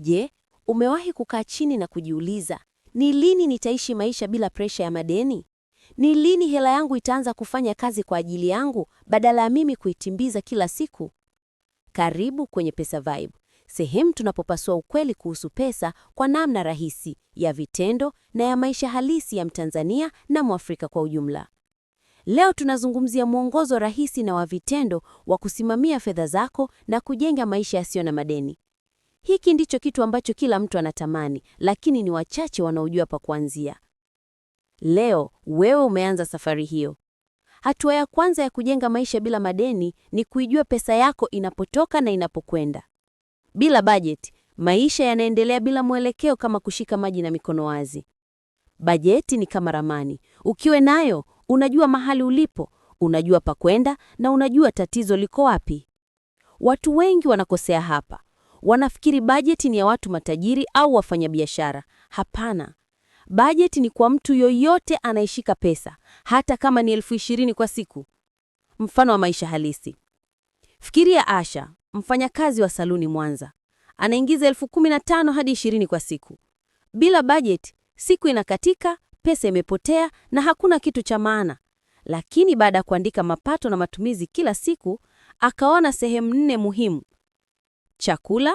Je, umewahi kukaa chini na kujiuliza ni lini nitaishi maisha bila presha ya madeni? Ni lini hela yangu itaanza kufanya kazi kwa ajili yangu badala ya mimi kuitimbiza kila siku? Karibu kwenye Pesa Vibe, sehemu tunapopasua ukweli kuhusu pesa kwa namna rahisi, ya vitendo na ya maisha halisi ya Mtanzania na Mwafrika kwa ujumla. Leo tunazungumzia mwongozo rahisi na wa vitendo wa kusimamia fedha zako na kujenga maisha yasiyo na madeni. Hiki ndicho kitu ambacho kila mtu anatamani, lakini ni wachache wanaojua pa kuanzia. Leo wewe umeanza safari hiyo. Hatua ya kwanza ya kujenga maisha bila madeni ni kuijua pesa yako inapotoka na inapokwenda. Bila bajeti, maisha yanaendelea bila mwelekeo, kama kushika maji na mikono wazi. Bajeti ni kama ramani. Ukiwe nayo, unajua mahali ulipo, unajua pa kwenda na unajua tatizo liko wapi. Watu wengi wanakosea hapa. Wanafikiri bajeti ni ya watu matajiri au wafanyabiashara. Hapana, bajeti ni kwa mtu yoyote anayeshika pesa, hata kama ni elfu ishirini kwa siku. Mfano wa maisha halisi, fikiria Asha, mfanyakazi wa saluni Mwanza, anaingiza elfu kumi na tano hadi ishirini kwa siku. Bila bajeti, siku inakatika, pesa imepotea na hakuna kitu cha maana. Lakini baada ya kuandika mapato na matumizi kila siku, akaona sehemu nne muhimu chakula,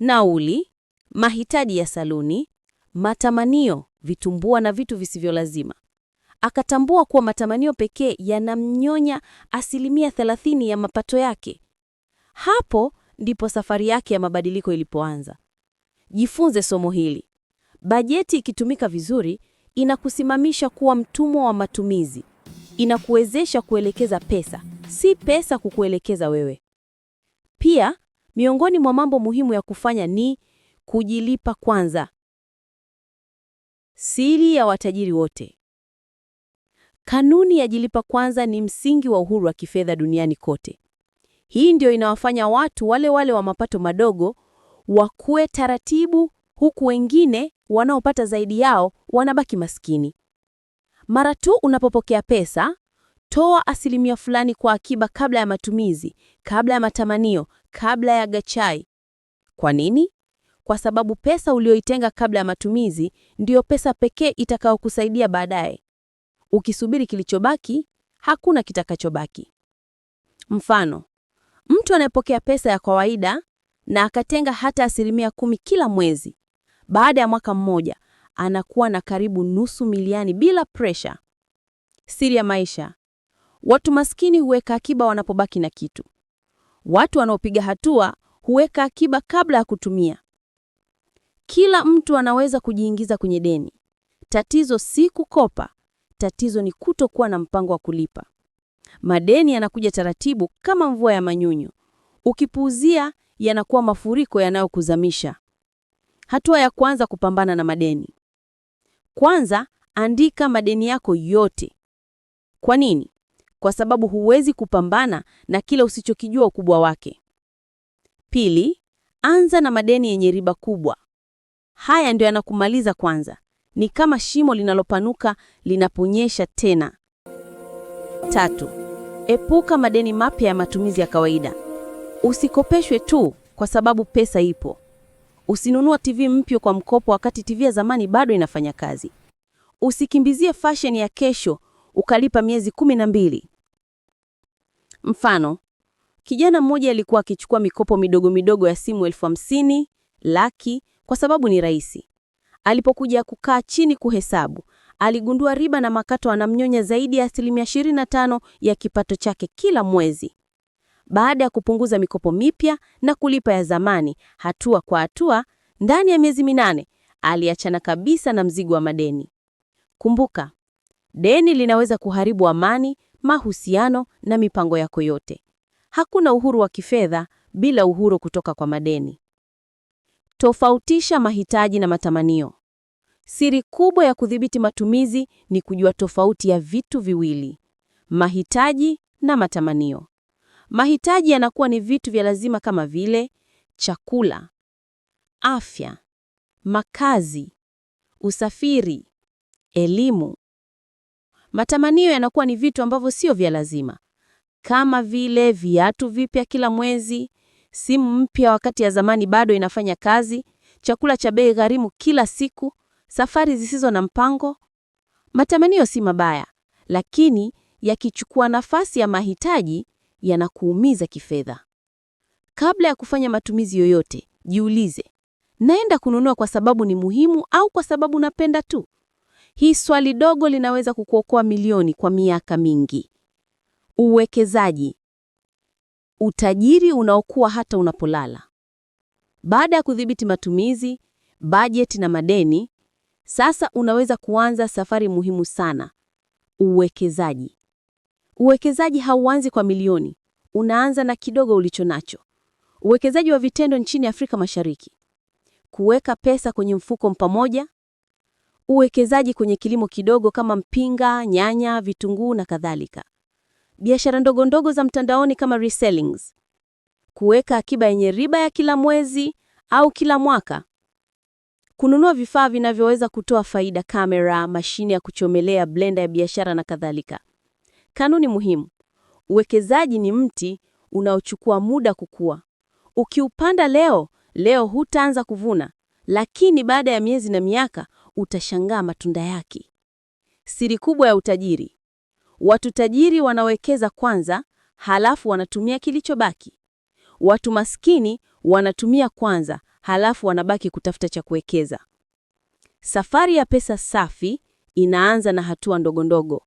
nauli, mahitaji ya saluni, matamanio, vitumbua na vitu visivyo lazima. Akatambua kuwa matamanio pekee yanamnyonya asilimia thelathini ya mapato yake. Hapo ndipo safari yake ya mabadiliko ilipoanza. Jifunze somo hili. Bajeti ikitumika vizuri inakusimamisha kuwa mtumwa wa matumizi, inakuwezesha kuelekeza pesa, si pesa kukuelekeza wewe. Pia Miongoni mwa mambo muhimu ya kufanya ni kujilipa kwanza. Siri ya watajiri wote. Kanuni ya jilipa kwanza ni msingi wa uhuru wa kifedha duniani kote. Hii ndio inawafanya watu wale wale wa mapato madogo wakue taratibu, huku wengine wanaopata zaidi yao wanabaki maskini. Mara tu unapopokea pesa, toa asilimia fulani kwa akiba kabla ya matumizi, kabla ya matamanio, kabla ya Gachai. Kwa nini? Kwa sababu pesa ulioitenga kabla ya matumizi ndiyo pesa pekee itakayokusaidia baadaye. Ukisubiri kilichobaki, hakuna kitakachobaki. Mfano, mtu anayepokea pesa ya kawaida na akatenga hata asilimia kumi kila mwezi, baada ya mwaka mmoja anakuwa na karibu nusu milioni bila presha. Siri ya maisha: watu maskini huweka akiba wanapobaki na kitu, Watu wanaopiga hatua huweka akiba kabla ya kutumia. Kila mtu anaweza kujiingiza kwenye deni. Tatizo si kukopa, tatizo ni kutokuwa na mpango wa kulipa. Madeni yanakuja taratibu kama mvua ya manyunyu. Ukipuuzia, yanakuwa mafuriko yanayokuzamisha. Hatua ya kwanza kupambana na madeni. Kwanza, andika madeni yako yote. Kwa nini? kwa sababu huwezi kupambana na kila usichokijua ukubwa wake. Pili, anza na madeni yenye riba kubwa. Haya ndio yanakumaliza kwanza, ni kama shimo linalopanuka linaponyesha tena. Tatu, epuka madeni mapya ya matumizi ya kawaida. Usikopeshwe tu kwa sababu pesa ipo. Usinunua TV mpya kwa mkopo wakati TV ya zamani bado inafanya kazi. Usikimbizie fashion ya kesho ukalipa miezi kumi na mbili. Mfano, kijana mmoja alikuwa akichukua mikopo midogo midogo ya simu elfu hamsini, laki, kwa sababu ni rahisi. Alipokuja kukaa chini kuhesabu, aligundua riba na makato anamnyonya zaidi ya asilimia 25 ya kipato chake kila mwezi. Baada ya kupunguza mikopo mipya na kulipa ya zamani hatua kwa hatua, ndani ya miezi minane aliachana kabisa na mzigo wa madeni. Kumbuka, deni linaweza kuharibu amani, mahusiano na mipango yako yote. Hakuna uhuru wa kifedha bila uhuru kutoka kwa madeni. Tofautisha mahitaji na matamanio. Siri kubwa ya kudhibiti matumizi ni kujua tofauti ya vitu viwili, mahitaji na matamanio. Mahitaji yanakuwa ni vitu vya lazima kama vile chakula, afya, makazi, usafiri, elimu. Matamanio yanakuwa ni vitu ambavyo sio vya lazima, kama vile viatu vipya kila mwezi, simu mpya wakati ya zamani bado inafanya kazi, chakula cha bei gharimu kila siku, safari zisizo na mpango. Matamanio si mabaya, lakini yakichukua nafasi ya mahitaji yanakuumiza kifedha. Kabla ya kufanya matumizi yoyote, jiulize, naenda kununua kwa sababu ni muhimu au kwa sababu napenda tu? Hii swali dogo linaweza kukuokoa milioni kwa miaka mingi. Uwekezaji, utajiri unaokuwa hata unapolala. Baada ya kudhibiti matumizi, bajeti na madeni, sasa unaweza kuanza safari muhimu sana, uwekezaji. Uwekezaji hauanzi kwa milioni, unaanza na kidogo ulicho nacho. Uwekezaji wa vitendo nchini Afrika Mashariki, kuweka pesa kwenye mfuko pamoja, uwekezaji kwenye kilimo kidogo kama mpinga, nyanya, vitunguu na kadhalika, biashara ndogo ndogo za mtandaoni kama resellings, kuweka akiba yenye riba ya kila mwezi au kila mwaka, kununua vifaa vinavyoweza kutoa faida, kamera, mashine ya kuchomelea, blenda ya biashara na kadhalika. Kanuni muhimu: uwekezaji ni mti unaochukua muda kukua. Ukiupanda leo leo hutaanza kuvuna, lakini baada ya miezi na miaka utashangaa matunda yake. Siri kubwa ya utajiri: watu tajiri wanawekeza kwanza, halafu wanatumia kilichobaki. Watu maskini wanatumia kwanza, halafu wanabaki kutafuta cha kuwekeza. Safari ya pesa safi inaanza na hatua ndogondogo.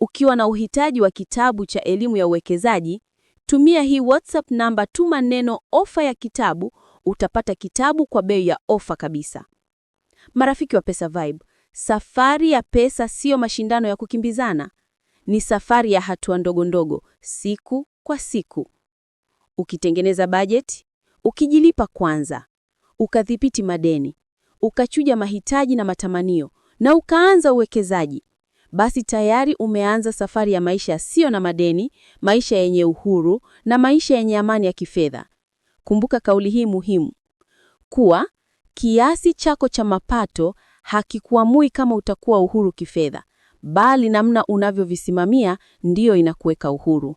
Ukiwa na uhitaji wa kitabu cha elimu ya uwekezaji, tumia hii WhatsApp namba, tuma neno ofa ya kitabu, utapata kitabu kwa bei ya ofa kabisa. Marafiki wa Pesa Vibe, safari ya pesa siyo mashindano ya kukimbizana, ni safari ya hatua ndogo ndogo, siku kwa siku. Ukitengeneza bajeti, ukijilipa kwanza, ukadhibiti madeni, ukachuja mahitaji na matamanio, na ukaanza uwekezaji, basi tayari umeanza safari ya maisha yasiyo na madeni, maisha yenye uhuru na maisha yenye amani ya kifedha. Kumbuka kauli hii muhimu kuwa Kiasi chako cha mapato hakikuamui kama utakuwa uhuru kifedha, bali namna unavyovisimamia ndiyo inakuweka uhuru.